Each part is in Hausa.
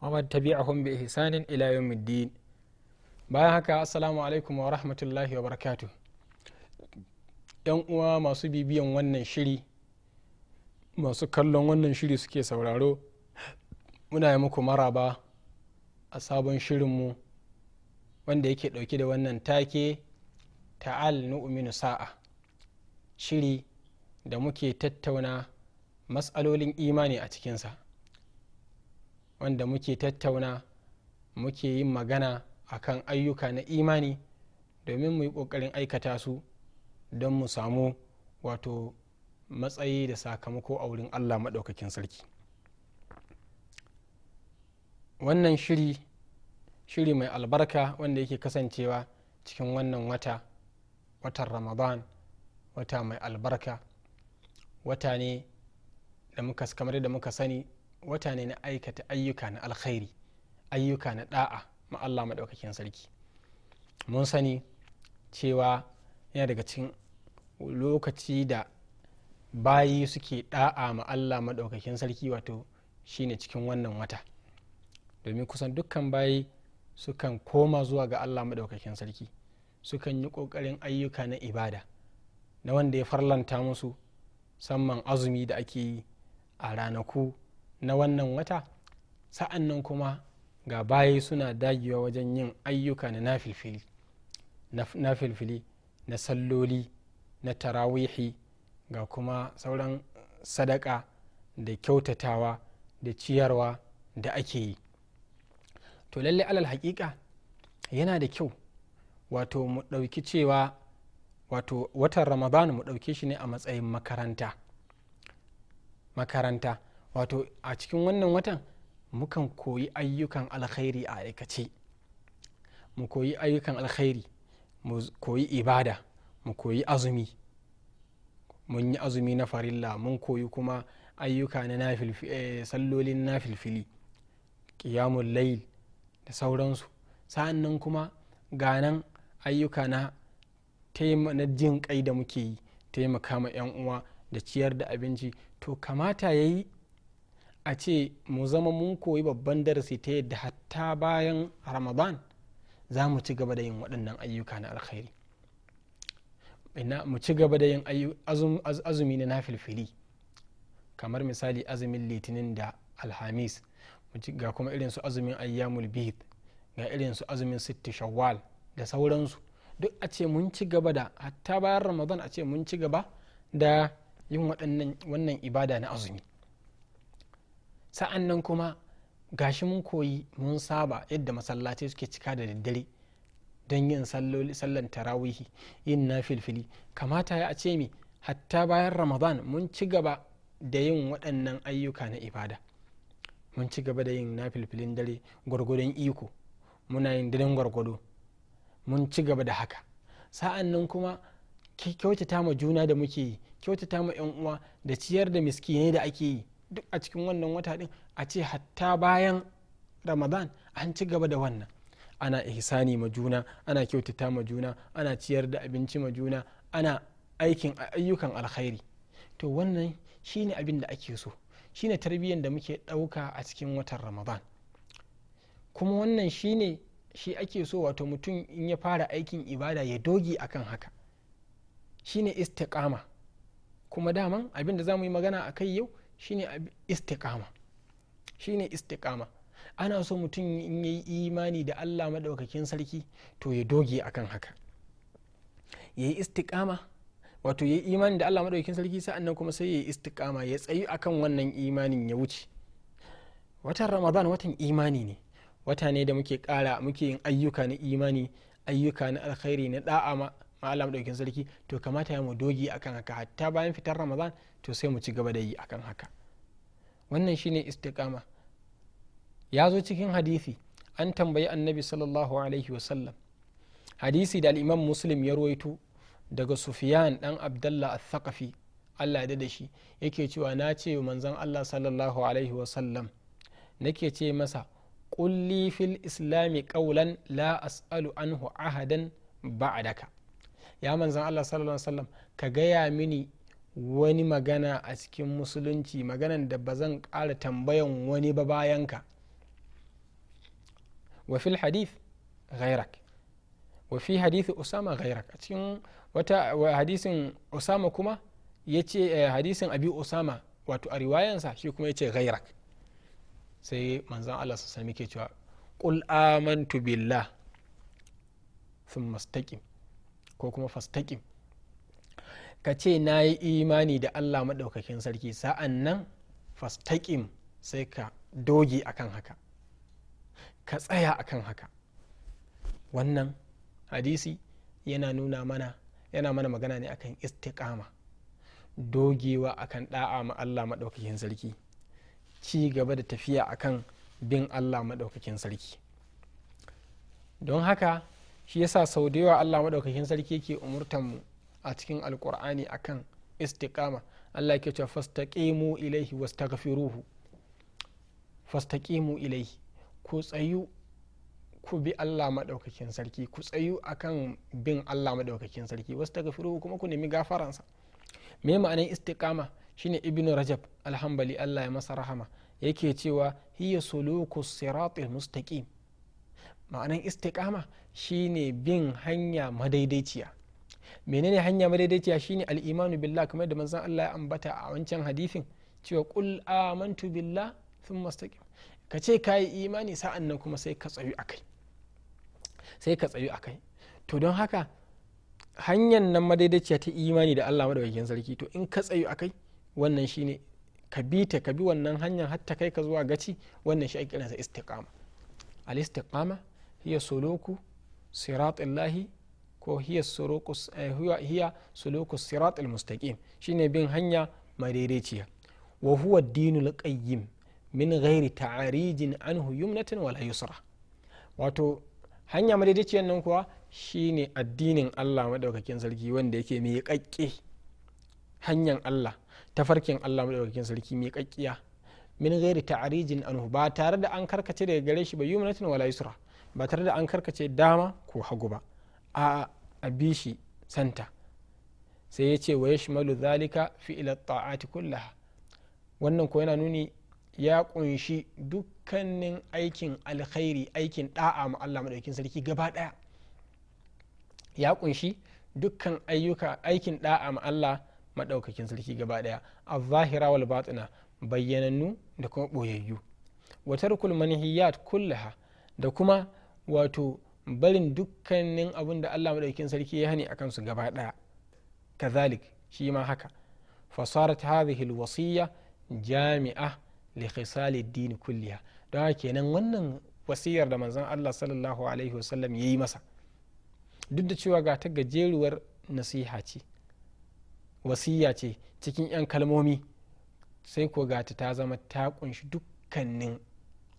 wa tabi'ahum bi ihsanin ila yawmiddin bayan haka assalamu alaikum wa rahmatullahi wa barakatu yan uwa masu bibiyan wannan shiri masu kallon wannan shiri suke sauraro muna yi muku maraba a sabon shirinmu wanda yake dauke da wannan take ta'al nu'minu sa'a shiri da muke tattauna matsalolin imani a cikinsa wanda muke tattauna muke yin magana a kan ayyuka na imani domin mu yi ƙoƙarin aikata su don mu samu wato matsayi da sakamako a wurin allah maɗaukakin sarki wannan shiri shiri mai albarka wanda yake kasancewa cikin wannan wata watan ramadan wata mai albarka wata ne da muka kamar da muka sani wata ne na aikata ayyuka na alkhairi ayyuka na da'a ma Allah maɗaukakin sarki mun sani cewa yana daga cikin lokaci da bayi suke da'a ma Allah maɗaukakin sarki wato shine cikin wannan wata domin kusan dukkan bayi sukan koma zuwa ga Allah maɗaukakin sarki sukan yi ƙoƙarin ayyuka na ibada na wanda ya farlanta musu samman azumi da ake yi a ranaku na wannan wata sa'an nan kuma ga baya suna dagewa wajen yin ayyuka na nafilfili na na salloli na tarawihi ga kuma sauran sadaka da kyautatawa da ciyarwa da ake yi to lalle alal hakika yana da kyau wato mu ɗauki cewa wato watan ramadan mu ɗauke shi ne a matsayin makaranta makaranta wato a cikin wannan watan mukan koyi ayyukan alkhairi a aikace mu koyi ayyukan alkhairi mu koyi ibada mu koyi azumi mun yi azumi na farilla mun koyi kuma ayyuka na eh, sallolin na filfili ƙiyamun layil da sauransu sa'an nan kuma ganan ayyuka na jin kai da muke yi taimaka ma 'yan uwa da ciyar da abinci to kamata ya yi a ce mu zama mun koyi babban darasi ta yadda hatta bayan ramadan za mu ci gaba da yin waɗannan ayyuka na alkhairi mu ci gaba da yin azumi na nafilfili kamar misali azumin litinin da alhamis ga kuma irin su azumin ayyamul bihid ga irin su azumin sitti shawwal da sauransu duk a ce mun ci gaba da hatta bayan ramadan a ce mun ci gaba da yin wannan ibada na azumi sa'an nan kuma gashi mun koyi mun saba yadda masallaci suke cika da daddare don yin sallan tarawihi yin na filfili kamata ya ce mi hatta bayan ramadan mun ci gaba da yin waɗannan ayyuka na ibada mun ci gaba da yin na filfilin dare gwargwadon iko muna yin daren gwargwado mun ci gaba da haka sa'an nan kuma kyautata ma juna da muke yi kyautata ma 'yan uwa da ciyar da miskinai da ake yi duk a cikin wannan wata din a ce hatta bayan ramadan an ci gaba da wannan ana ihsani ma juna ana kyautata ma juna ana ciyar da abinci ma juna ana aikin ayyukan alkhairi to wannan shine abin da ake so shine tarbiyyar da muke ɗauka a cikin watan ramadan kuma wannan shine shi ake so wato mutum in ya fara aikin ibada ya dogi akan haka shine istiqama kuma daman abin da za mu yi magana a kai yau shine istiqama shine istiqama ana so mutum in yi imani da allah maɗaukakin sarki to ya doge akan haka ya yi istiqama wato ya yi imani da allah maɗaukakin sarki sa'annan kuma sai ya yi istiqama ya tsayi akan wannan imanin ya wuce watan ramadan watan imani ne wata ne da muke ƙara muke yin ayyuka na imani ayyuka na alkhairi na da'ama. ma Allah sarki to kamata ya mu dogi akan haka hatta bayan fitar ramadan to sai mu ci gaba da yi akan haka wannan shine istiqama ya zo cikin hadisi an tambayi annabi sallallahu alaihi wasallam hadisi da al'imam muslim ya ruwaito daga sufiyan dan abdallah al-thaqafi allah ya da shi yake cewa na ce manzon allah sallallahu alaihi wasallam nake ce masa kulli fil islami qawlan la as'alu anhu ahadan ba'daka ya manzan allah sallallahu alaihi wasallam ka gaya mini wani magana a cikin musulunci maganan da ba zan ƙara tambayan wani ba bayanka wa fil hadith ghairak wa fi hadithi usama ghairak a cikin wata hadisin usama kuma yace ce eh, hadisin abi usama wato a riwayansa shi kuma yace ce ghairak sai manzan allah sassa muke cewa qul amantu billah sun mustaqim ko kuma fastaƙin ka ce na yi imani da allah maɗaukakin sarki sa'an nan fastaƙin sai ka doge akan haka ka tsaya akan haka wannan hadisi yana nuna mana yana mana magana ne akan istiqama dogewa akan da'a ma Allah maɗaukakin sarki ci gaba da tafiya akan bin Allah maɗaukakin sarki don haka shi yasa sau da yawa allah maɗaukakin sarki yake umurtan mu a cikin alkur'ani akan istiqama allah ke cewa fastaqimu ilaihi wastaghfiruhu fastaqimu ilaihi ku tsayu ku bi allah maɗaukakin sarki ku tsayu akan bin allah maɗaukakin sarki wastaghfiruhu kuma ku nemi gafaransa me ma'anar istiqama shine ibnu rajab alhambali allah ya masa rahama yake cewa hiya suluku siratil mustaqim ma'anan istiqama shine bin hanya madaidaiciya menene hanya madaidaiciya shine al'imanu billah kamar da manzon Allah ya ambata a wancan hadifin cewa qul amantu billah thumma istaqim ka ce ka imani sa'an nan kuma sai ka tsayu akai sai ka tsayu akai to don haka hanyar nan madaidaiciya ta imani da Allah madawakin sarki to in ka tsayu akai wannan shine ka bi ta ka bi wannan hanyar hatta kai ka zuwa gaci wannan shi ake kiransa istiqama al istiqama hiya suluku sirat illahi ko hiya suluku sirat almustaqim shine bin hanya madaidaiciya wa huwa dinul qayyim min ghairi ta'arijin anhu yumnatin wala yusra wato hanya madaidaiciyar nan kuwa shine addinin Allah madaukakin sarki wanda yake mai kakke hanyar Allah tafarkin Allah madaukakin sarki mai kakkiya min ghairi ta'arijin anhu ba tare da an karkace daga gare shi ba yumnatin wala yusra ba tare da an karkace dama ko hagu ba a a bishi santa sai ya ce wa ya shimalu zalika fi'ila ta'ati kullaha wannan ko yana nuni ya kunshi dukkanin aikin alkhairi aikin da'a ma Allah madaukin sarki gaba daya ya kunshi dukkan ayyuka aikin da'a ma Allah madaukakin sarki gaba daya az-zahira wal batina bayyanannu da kuma boyayyu wa tarkul manhiyat kullaha da kuma wato barin dukkanin abin da allah maɗaukin sarki ya hani a kansu gaba ɗaya kazalik shi ma haka fasarat hadhihi wasiya jami'a li khisali din kulliya don kenan wannan wasiyar da manzon allah sallallahu alaihi wasallam ya yi masa duk da cewa ga ta gajeruwar nasiha ce wasiya ce cikin 'yan kalmomi sai ko ga ta zama ta kunshi dukkanin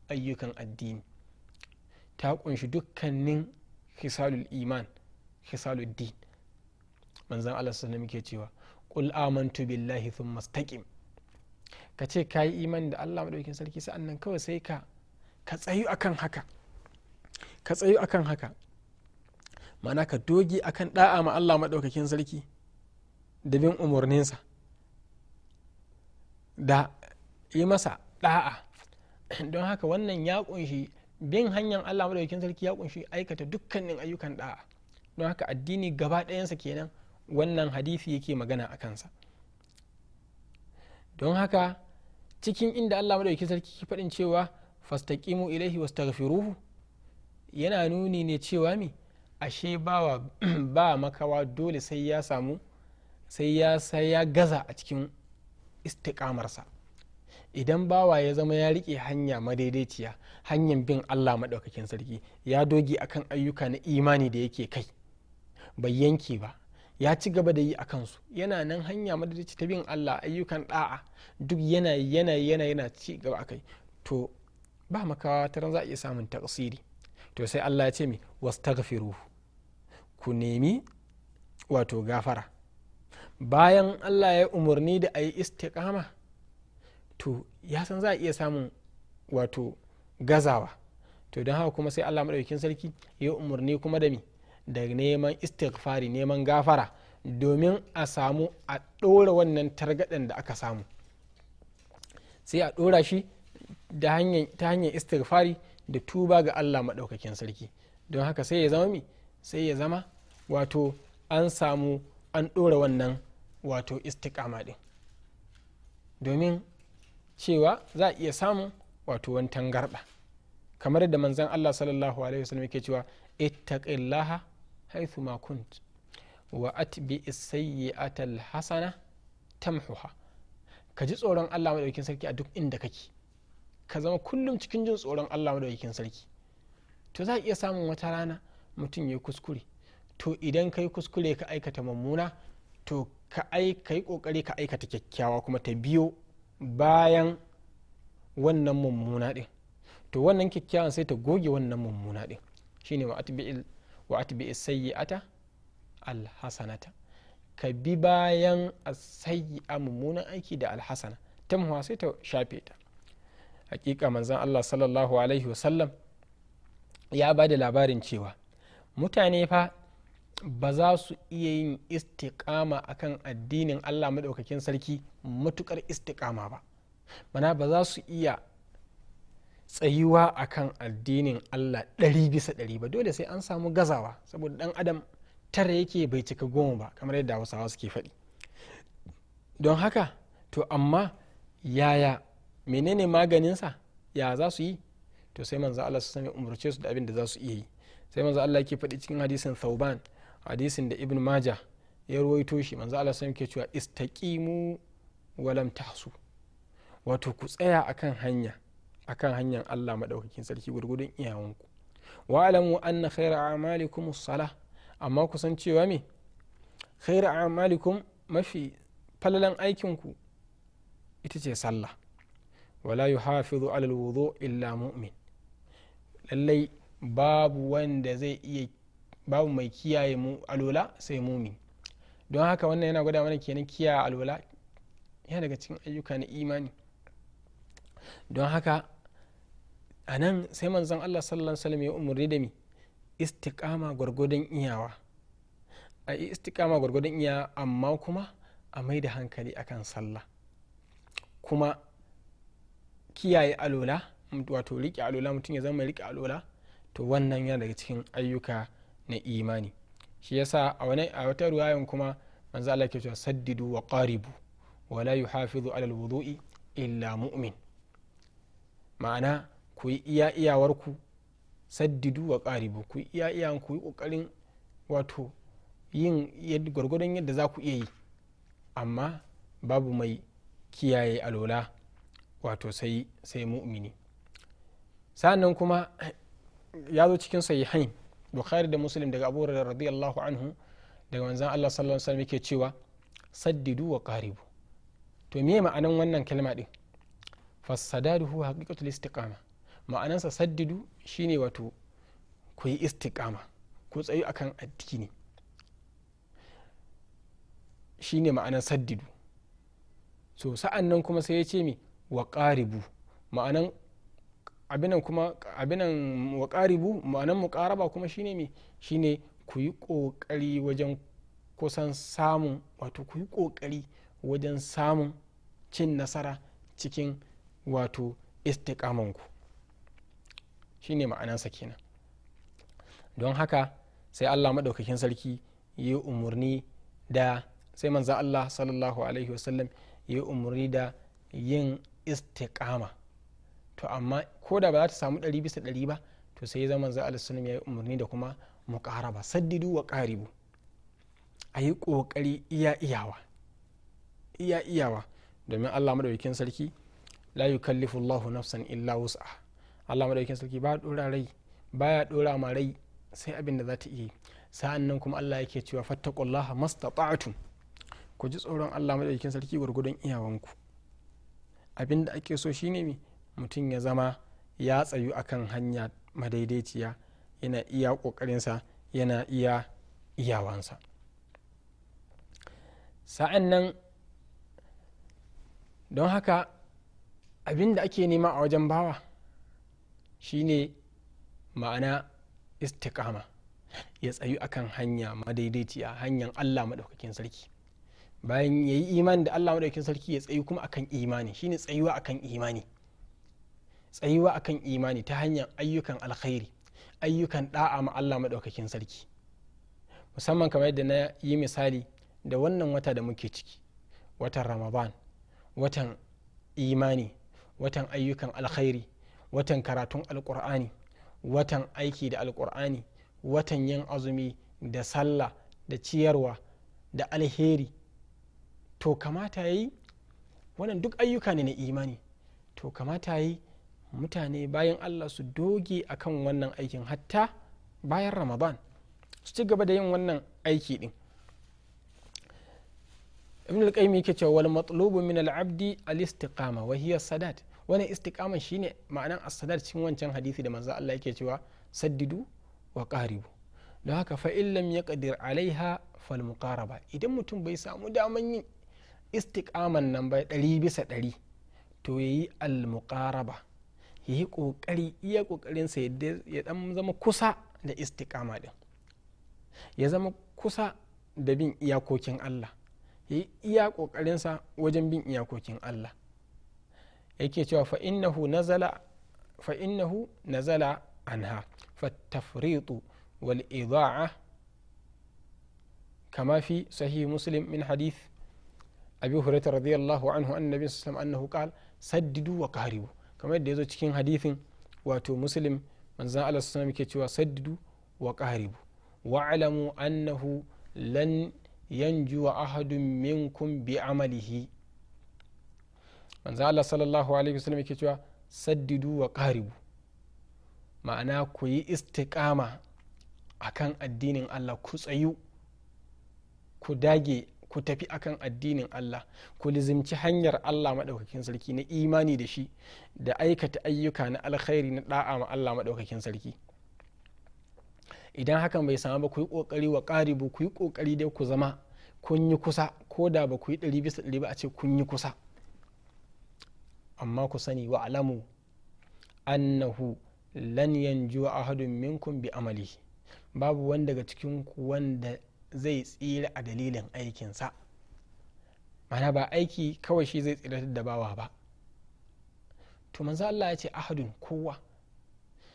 ayyukan addini ta kunshi dukkanin hisalul iman hisalul din manzan Allah sallallahu muke cewa qul amantu billahi thumma istaqim ka ce ka yi imani da Allah madaukakin sarki sa'an nan kawai sai ka ka tsayu akan haka ka tsayu akan haka ma'ana ka dogi akan da'a ma Allah madaukakin sarki da bin umarninsa da yi masa ɗa'a. don haka wannan ya kunshi bin hanyar allah madaukakin sarki ya kunshi aikata dukkanin ayyukan da'a don haka addini gaba ɗayansa kenan wannan hadisi yake magana a kansa don haka cikin inda allah madaukakin sarki ke faɗin cewa fastaqimu ilaihi wastaghfiruhu yana nuni ne cewa mi ashe bawa ba makawa dole sai ya samu sai ya gaza a cikin istiƙamarsa idan bawa ya zama ya rike hanya madaidaiciya hanyar bin allah maɗaukakin sarki ya doge akan ayyuka na imani da yake kai bai yanke ba ya ci gaba da yi a kansu yana nan hanya madaidaici ta bin allah ayyukan ɗa'a duk yana yana yana yana ci gaba kai to ba makawa ta za a iya samun tasiri to sai allah ya ce mi wastaghfiru ku nemi wato gafara bayan allah ya umarni da a yi istiqama to ya san za a iya samun wato gazawa to don haka kuma sai allah maɗaukin sarki ya umarni kuma da mi da neman istighfari neman gafara domin a samu a ɗora wannan targaɗen da aka samu sai a ɗora shi ta hanyar istighfari da tuba ga allah maɗaukakin sarki don haka sai ya zama mi sai ya zama wato an samu an ɗora wannan wato istiƙama ɗin domin cewa za a iya samun wato wani tangarɗa kamar da manzan allah sallallahu alaihi wasallam yake cewa ittaqillaha haythu ma kunt wa atbi sayyi'ata alhasana tamhuha ka ji tsoron allah madaukakin sarki a duk inda kake ka zama kullum cikin jin tsoron allah madaukakin sarki to za a iya samun wata rana mutum ya kuskure to idan ka kuskure ka aikata mummuna to ka yi kokari ka aikata kyakkyawa kuma ta biyo bayan wannan mummuna ɗin to wannan kyakkyawan sai ta goge wannan mummuna Shi ne wa atbi'il wa atbi'i alhasanata ka bi bayan a a mummunan aiki da alhasana tamhuwa sai ta shafe ta hakika manzan Allah sallallahu alaihi wasallam ya ba da labarin cewa mutane fa ba za su iya yin istiƙama kan addinin allah maɗaukakin sarki matuƙar istikama ba mana ba za su iya tsayuwa akan addinin allah ɗari bisa ɗari ba dole sai an samu gazawa saboda ɗan adam tara yake bai cika goma ba kamar yadda hausawa suke faɗi don haka to amma yaya menene maganinsa ya za su yi to sai manzo allah su sami umarce su da abin da za su iya yi sai manzo allah yake faɗi cikin hadisin thauban hadisin da ibn maja ya ruwaito shi manzo Allah sai alaihi cewa istaqimu lam tahsu wato ku tsaya akan hanya akan hanyar Allah madaukakin sarki gurgudun iyawanku wa alamu anna khayra a'malikum as-salah amma ku san cewa me khayra a'malikum mafi falalan aikin ku ita ce sallah wala yuhafizu alal wudu illa mu'min lallai babu wanda zai iya babu mai kiyaye mu alola sai mumi don haka wannan yana gwada mana kenan kiyaye alola yana daga cikin ayyuka na imani don haka a nan sai manzon allah sallallahu alaihi wasallam ya umarni da mi istiqama gwargwadon iyawa a istiqama gwargwadon iyawa amma kuma a mai da hankali akan sallah kuma kiyaye alola wato rike alola mutum ya zama rike alola to wannan yana daga cikin ayyuka na imani shi yasa a wani a wata ruwayan kuma manzo Allah ke cewa saddidu wa qaribu wa la yuhafizu alal alwudu'i illa mu'min ma'ana ku yi iya ku saddidu wa qaribu ku yi iya iyawan ku yi kokarin wato yin gwargwadon yadda za ku iya yi amma babu mai kiyaye alola wato sai mu'mini sa'annan kuma ya zo cikin sahihain bukhari da muslim daga abu hurairah radiyallahu anhu daga manzan Allah sallallahu alaihi wasallam yake cewa saddidu wa qaribu to me ma'anan wannan kalma din fassadadu huwa haqiqatul istiqama sa saddidu shine wato ku yi istiqama ku tsayu akan addini shine ma'anan saddidu so sa'an kuma sai ya ce mi wa qaribu ma'anan abinan kuma abinan muqaribu ma'anan muqaraba kuma shine me shine ku yi kokari wajen kusan samun wato ku yi kokari wajen samun cin nasara cikin wato istiqamanku shine ma'anansa kenan don haka sai allah maɗaukakin sarki ya yi umarni da sai manza allah sallallahu alaihi wasallam ya yi umarni da yin istiƙama to amma ko da ba za ta samu ɗari bisa ɗari ba to sai zaman za alisunum ya yi umarni da kuma muƙaraba saddidu wa ƙaribu a yi ƙoƙari iya iyawa iya iyawa domin allah maɗaukin sarki la kallifu allahu nafsan illa wus'a allah maɗaukin sarki ba ɗora rai baya ɗora ma rai sai abin da za ta iya yi sa'an nan kuma allah yake cewa fattaqullaha mastata'tum ku ji tsoron allah maɗaukin sarki gwargwadon iyawanku abin da ake so shine me mutum ya zama ya tsayu akan hanya madaidaiciya yana iya ƙoƙarinsa yana iya iyawansa sa'an nan don haka abin da ake nema a wajen bawa shine ma'ana istiƙama ya tsayu akan hanya madaidaiciya hanyar allah maɗaukakin sarki bayan ya yi imani da allah maɗaukakin sarki ya tsayu kuma akan imani shine tsayuwa akan imani tsayuwa a kan imani ta hanyar ayyukan alkhairi ayyukan da'a ma Allah maɗaukakin sarki musamman kamar yadda na yi misali da wannan wata da muke ciki watan ramadan watan imani watan ayyukan alkhairi watan karatun alkur'ani watan aiki da alkur'ani watan yin azumi da sallah da ciyarwa da alheri to kamata yi wannan duk ayyuka ne na imani to kamata yi mutane bayan allah su doge akan wannan aikin hatta bayan ramadan su ci gaba da yin wannan aiki din ibn al-qayyim yake cewa wal matlubu min al-abdi al-istiqama wa hiya sadat wannan istiqama shine ma'anan as-sadat cikin wancan hadisi da manzo Allah yake cewa saddidu wa qaribu don haka fa in lam yaqdir alaiha fal muqaraba idan mutum bai samu daman yin istiqaman nan ba ɗari bisa ɗari to yayi al muqaraba ya yi ƙoƙari iya ƙoƙarinsa ya dan zama kusa da istiƙama din ya zama kusa da bin iyakokin allah ya yi iya ƙoƙarinsa wajen bin iyakokin allah yake cewa fa'innahu nazala fa'innahu nazala anha fattafritu wal ida'a كما في صحيح مسلم من حديث أبي هريرة رضي الله عنه أن النبي صلى الله عليه وسلم أنه قال سددوا وقاربوا kamar yadda ya zo cikin hadithin wato muslim manzan allah su ke cewa saddidu wa wa wa'alamu annahu lan yanjuwa ahadun minkum bi amalihi manzan allah sallallahu alaihi wasallam ke cewa saddidu wa karibu ma'ana ku yi istiƙama a kan addinin allah ku tsayu ku dage ku tafi akan addinin Allah ku lizimci hanyar Allah maɗaukakin sarki na imani da shi da aikata ayyuka na alkhairi na ɗa'a ma Allah maɗaukakin sarki idan hakan bai samu ba ku yi ƙoƙari wa ƙaribu ku yi ƙoƙari dai ku zama kun yi kusa ko da ba ku yi ɗari bisa ɗari ba a ce kun yi kusa amma ku sani wa alamu annahu lan yanju ahadun minkum bi amali babu wanda daga cikin ku wanda zai tsira a dalilin aikinsa mana ba aiki kawai shi zai tsira da bawa ba to manzo Allah ya ce ahadun kowa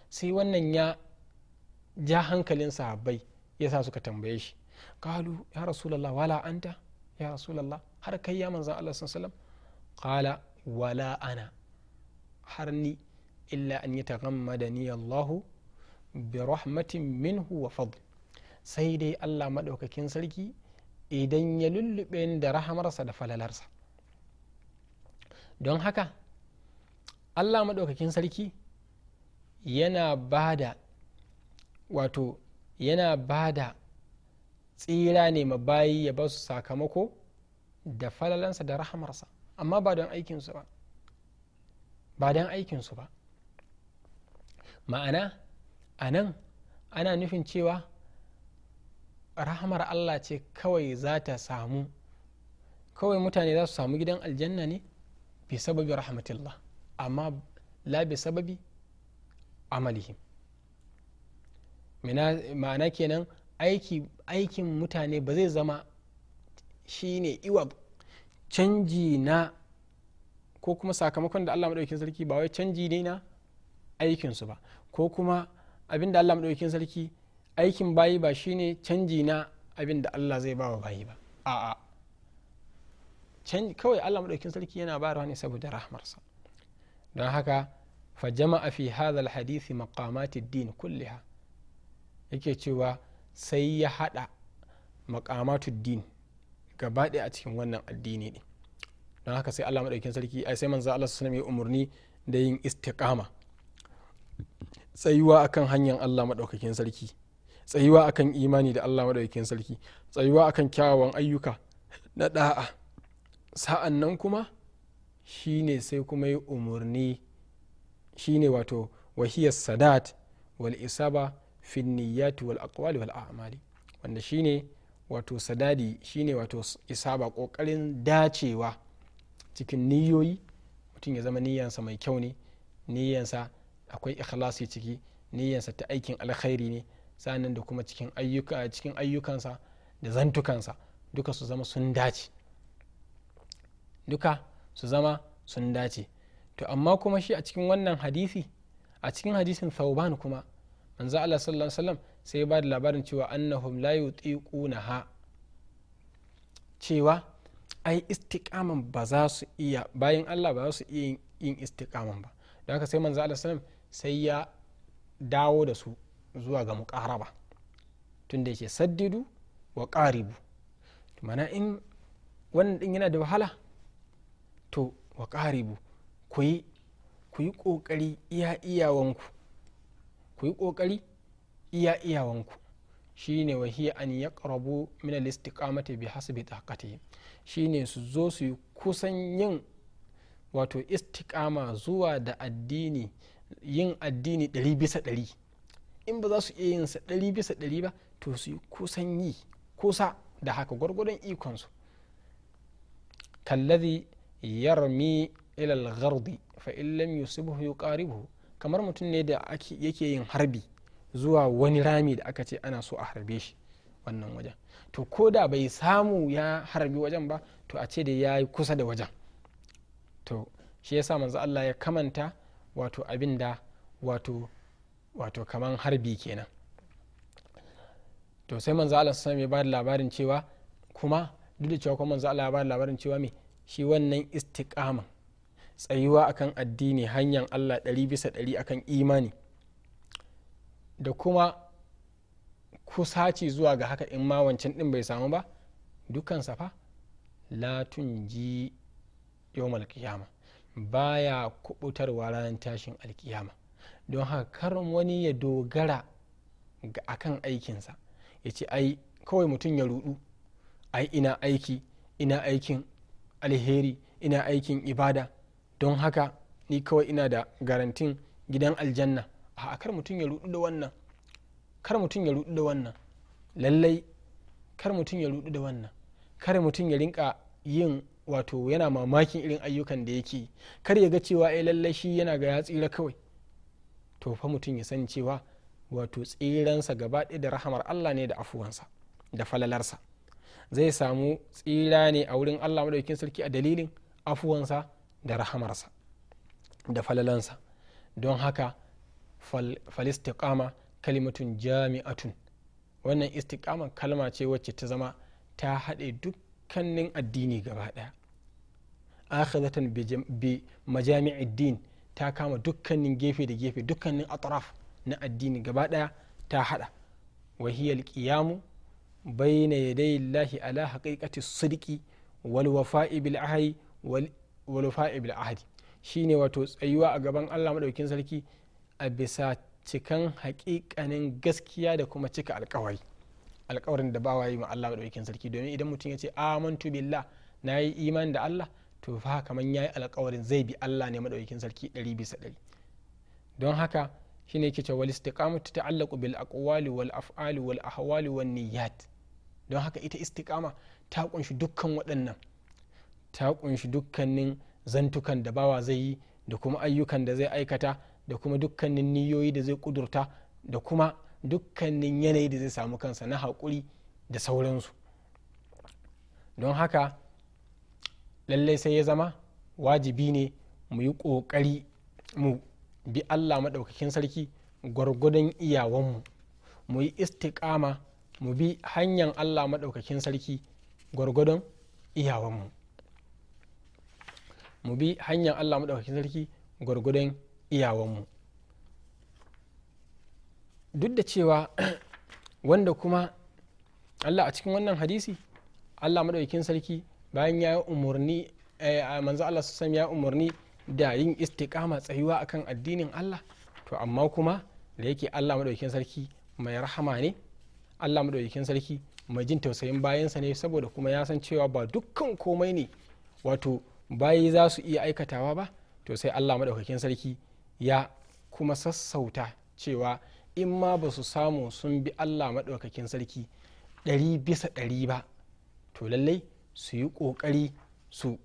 sai wannan ya ja hankalin sahabbai ya sa suka tambaye shi kalu ya rasulallah wala anta ya rasulallah har kai ya manzan Allah sallam qala wala ana har ni illa an yataghammadani Allah bi rahmatin minhu wa fadl sai dai allah maɗaukakin sarki idan ya lullube da rahamarsa da falalarsa don haka allah maɗaukakin sarki yana ba da wato yana ba da tsira ne ma bayi ya ba su sakamako da falalansa da rahamarsa amma ba don aikinsu ba ba don aikinsu ba ma'ana a nan ana nufin cewa rahamar allah ce kawai za ta samu kawai mutane za su samu gidan aljanna ne bi sababi rahmatillah amma la bi sababi amalihim ma'ana kenan aikin mutane ba zai zama shine iwa canji na ko kuma sakamakon da allah maɗaukin sarki ba wai canji ne na aikinsu ba ko kuma abin da allah maɗaukin sarki aikin bayi ba shine canji na abin da Allah zai ba wa bayi ba a'a kawai Allah madaukin sarki yana bayarwa ne saboda rahmarsa don haka fa jama'a fi hadha alhadith maqamati din kulliha yake cewa sai ya hada maqamatu din gaba a cikin wannan addini ne don haka sai Allah madaukin sarki ai sai manzo Allah sallallahu alaihi umarni da yin istiqama tsayuwa akan hanyar Allah madaukakin sarki tsayuwa akan imani da allah maɗaukakin sarki tsayuwa akan kyawawan ayyuka na ɗa'a sa'an nan kuma shine sai kuma yi umarni shine wato wahiyar sadat wal isaba fin wal aqwali wal a'mali wanda shine wato sadadi shine wato isaba kokarin dacewa cikin niyoyi mutum ya zama niyyansa mai kyau ne niyyansa akwai ikhlasi ciki niyyansa ta aikin alkhairi ne sa'annan da kuma cikin ayyuka cikin ayyukansa da zantukansa duka su zama sun dace duka su zama sun dace to amma kuma shi a cikin wannan hadisi a cikin hadisin thauban kuma manzo Allah sallallahu alaihi wasallam sai ya ba da labarin cewa annahum la ha cewa ai istiqaman ba za su iya bayan Allah ba za su iya yin istiqaman ba don haka sai manzo Allah sallallahu alaihi wasallam sai ya dawo da su zuwa ga muƙaraba tunda yake saddidu wa ƙaribu mana in wannan din yana da wahala to wa ƙaribu ku yi ƙoƙari iya iyawanku ku yi ƙoƙari iya iyawanku shi ne hiya an ya ƙarabu min al-istiqamati bi hasbi taqatihim shi ne su zo su yi kusan yin wato istiƙama zuwa da addini yin addini ɗari bisa ɗari in ba za su iya yin sa ɗari bisa ɗari ba to su yi kusan yi kusa da haka gwargwadon ikonsu kallazi yarmi ilal gardi fa in lam yusibhu yuqaribuhu kamar mutum ne da yake yin harbi zuwa wani rami da aka ce ana so a harbe shi wannan wajen to ko da bai samu ya harbi wajen ba to a ce da ya yi kusa da wajen to shi yasa manzo Allah ya kamanta wato abin da wato wato kaman harbi kenan to sai manzo Allah sallallahu ya ba da labarin cewa kuma duk da cewa kuma manzo Allah ya ba labarin cewa me shi wannan istiqama tsayuwa akan addini hanyar Allah ɗari bisa ɗari akan imani da kuma kusaci zuwa ga haka in ma wancan ɗin bai samu ba dukkan safa latun ji yawmal kiyama baya kubutarwa ranar tashin alkiyama don haka kar wani ya dogara a kan aikinsa ya ce ai kawai mutum ya rudu ai ina aiki ina aikin alheri ina aikin ibada don haka ni kawai ina da garantin gidan aljanna a kar mutum ya rudu da wannan kar mutum ya rudu da wannan lallai kar mutum ya rudu da wannan kar mutum ya rinka yin wato yana mamakin irin ayyukan da yake kar ya ga cewa ai lallai shi yana ga ya tsira kawai to fa mutum ya sani cewa wato tsiransa gaba ɗaya da rahamar allah ne da afuwansa da falalarsa zai samu tsira ne a wurin allah madaukin sarki a dalilin afuwansa da rahamarsa da falalansa don haka falistikama kalimatun jami'atun wannan istikama kalma ce wacce ta zama ta haɗe dukkanin addini gaba ɗaya akhidatan bi majami'id din ta kama dukkanin gefe da gefe dukkanin atraf na addini gaba daya ta hada wahiyal qiyamu bayna yadai lahi ala haqiqati sirki wal wafa'i bil shine wato tsayuwa a gaban Allah maɗaukin sarki a bisa cikan haƙiƙanin gaskiya da kuma cika alkawari alkawarin da wa yi ma Allah maɗaukin sarki domin idan mutum ya ce amantu billah na yi iman da Allah to fa kamar yayi alƙawarin zai bi Allah ne madaukakin sarki 100 bisa 100 don haka shine yake cewa wal istiqamatu ta'allaqu bil aqwali wal af'ali wal ahwali wan niyyat don haka ita istiqama ta kunshi dukkan waɗannan ta kunshi dukkanin zantukan da bawa zai yi da kuma ayyukan da zai aikata da kuma dukkanin niyoyi da zai kudurta da kuma dukkanin yanayi da zai samu kansa na haƙuri da sauransu don haka lallai sai ya zama wajibi ne mu yi ƙoƙari mu bi allah maɗaukakin sarki gwargwadon iyawanmu mu yi istiƙama mu bi hanyar allah maɗaukakin sarki gwargwadon iyawanmu mu bi hanyar allah maɗaukakin sarki gwargwadon iyawanmu duk da cewa wanda kuma allah a cikin wannan hadisi allah maɗaukakin sarki bayan ya yi umarni eh, manzo Allah sallallahu ya umarni da yin istiqama tsayuwa akan addinin Allah to amma kuma da yake Allah madaukakin sarki mai rahama ne Allah madaukakin sarki mai jin tausayin bayan sa ne saboda kuma ya san cewa ba dukkan komai ne wato bayi za su iya aikatawa ba to sai Allah madaukakin sarki ya kuma sassauta cewa in ma ba su samu sun bi Allah madaukakin sarki ɗari bisa ɗari ba to lallai su yi ƙoƙari su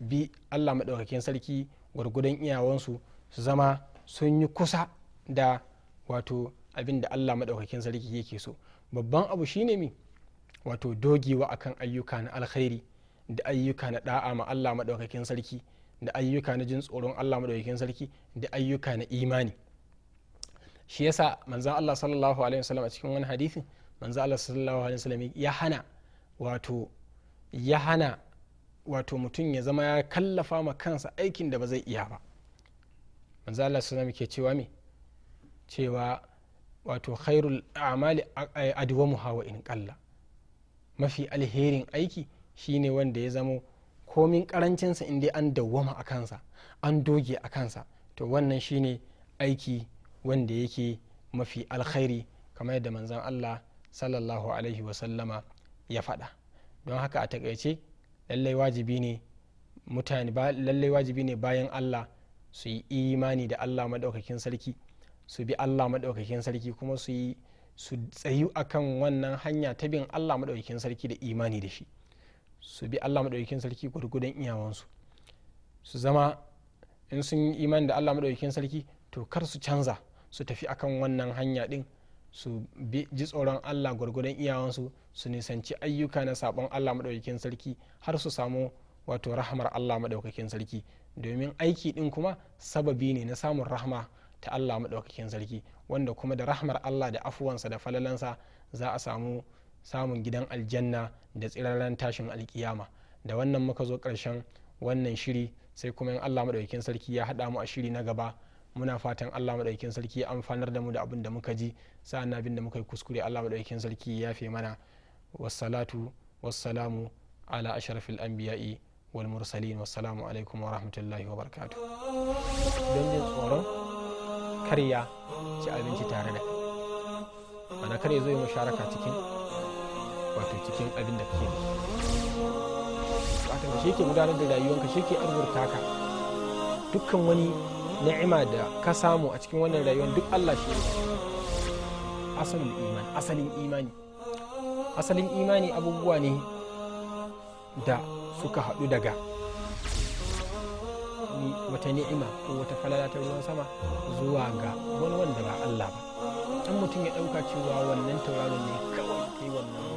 bi allah maɗaukakin sarki gwargudan iyawansu su zama sun yi kusa da wato abin da allah maɗaukakin sarki yake so babban abu shine mi wato dogewa akan ayyuka na alkhairi da ayyuka na da'a ma allah maɗaukakin sarki da ayyuka na jin tsoron allah maɗaukakin sarki da ayyuka na imani shi yasa manzan allah sallallahu alaihi wasallam a cikin wani hadisin manzan allah sallallahu alaihi wasallam ya hana wato ya hana wato mutum ya zama ya kallafa ma kansa aikin da ba zai iya ba manzala Allah sallallahu ke cewa me cewa wato khairul a'mali mu hawa in kalla mafi alherin aiki shine wanda ya zamo komin karancinsa in dai an dawwama a kansa an doge a kansa to wannan shine aiki wanda yake mafi alkhairi kamar yadda manzan Allah sallallahu alaihi wasallama ya faɗa. don haka a takaice lallai wajibi ne mutane lallai wajibi ne bayan allah su yi imani da allah maɗaukakin sarki su bi allah maɗaukakin sarki kuma su yi su tsayu akan wannan hanya ta bin allah maɗaukakin sarki da imani da shi su bi allah maɗaukakin sarki gwargwadon iyawansu su zama in sun yi imani da allah maɗaukakin sarki to kar su canza su tafi akan wannan hanya ɗin su ji tsoron allah gwargwadon iyawansu su nisanci ayyuka na sabon allah maɗaukakin sarki har su samu wato rahamar allah maɗaukakin sarki domin aiki ɗin kuma sababi ne na samun rahama ta allah maɗaukakin sarki wanda kuma da rahamar allah da afuwansa da falalansa za a samu samun gidan aljanna da tsirarren tashin alkiyama da wannan muka zo ƙarshen wannan shiri sai kuma in allah maɗaukakin sarki ya haɗa mu a shiri na gaba muna fatan allah maɗaukin sarki ya amfanar da mu da abin da muka ji sa'an abin da muka yi kuskure allah maɗaukin sarki ya fi mana wassalatu wassalamu ala ashrafil anbiya'i wal mursalin wassalamu alaikum wa rahmatullahi wa barakatu don jin tsoron karya ci abinci tare da ana karya zai zo yi musharaka cikin wato cikin abin da kake da shi ke gudanar da rayuwanka shi ke arzurta ka dukkan wani ni'ima da ka samu a cikin wannan rayuwar duk Allah shi asalin imani asalin imani asalin imani abubuwa ne da suka haɗu daga wata ni'ima ko wata falala ta ruwan sama zuwa ga wani wanda ba Allah ba dan mutum ya ɗauka cewa wannan tauraron ne kawai kai wannan